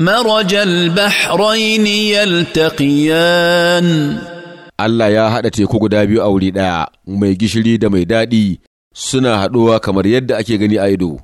مرج البحرين يلتقيان Allah ya haɗa teku guda biyu a wuri ɗaya, mai gishiri da mai daɗi suna haɗuwa kamar yadda ake gani a ido.